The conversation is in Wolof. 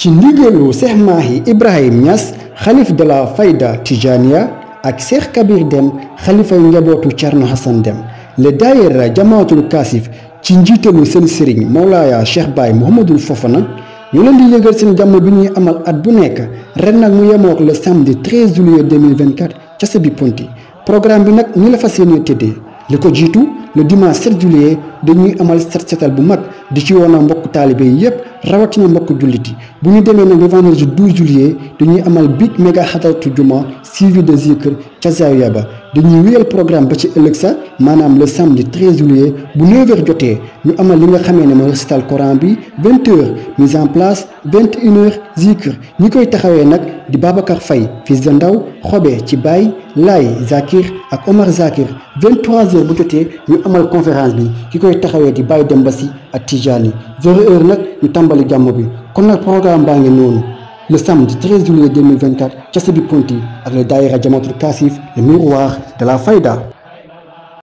ci ndigalu Cheikh Mahi Ibrahim Niass xalif de la Fayda Tijaniya ak Cheikh Kabir Dem xalifay njabootu Thierno Hassan Dem le daayira jamaatul kaasif ci njiitalu seen sëriñ Mawlaaya Cheikh Baye Mouhamadul Fofana ñu leen di yëgal seen jàmm bi ñuy amal at bu nekk ren nag mu yemook le samedi 13 juillet 2024 ca Sébi-Ponty programme bi nag ñi la fas yéene tëddee li ko jiitu le dimanche 7 juillet dañuy amal set setal bu mag di ci woon a mbokk taalibe yi yépp rawatina mbokk julliti bu le 12 juillet dañuy amal big Mega tu juma suivi de zikr ca Nous avons dañuy programme ba le samedi 13 juillet bu 9h amal 20h mise en place 21h zikr Nous koy taxawee di Babacar Faye fils de ndaw Zakir ak Omar Zakir 23h bu jotee amal conférence bi ki koy di Demba Tijani 20 h comme le programme banque le samedi 13 juillet 2024 ca Sébi a le le daayira Jamaatul Cassif, le miroir de la Faïda.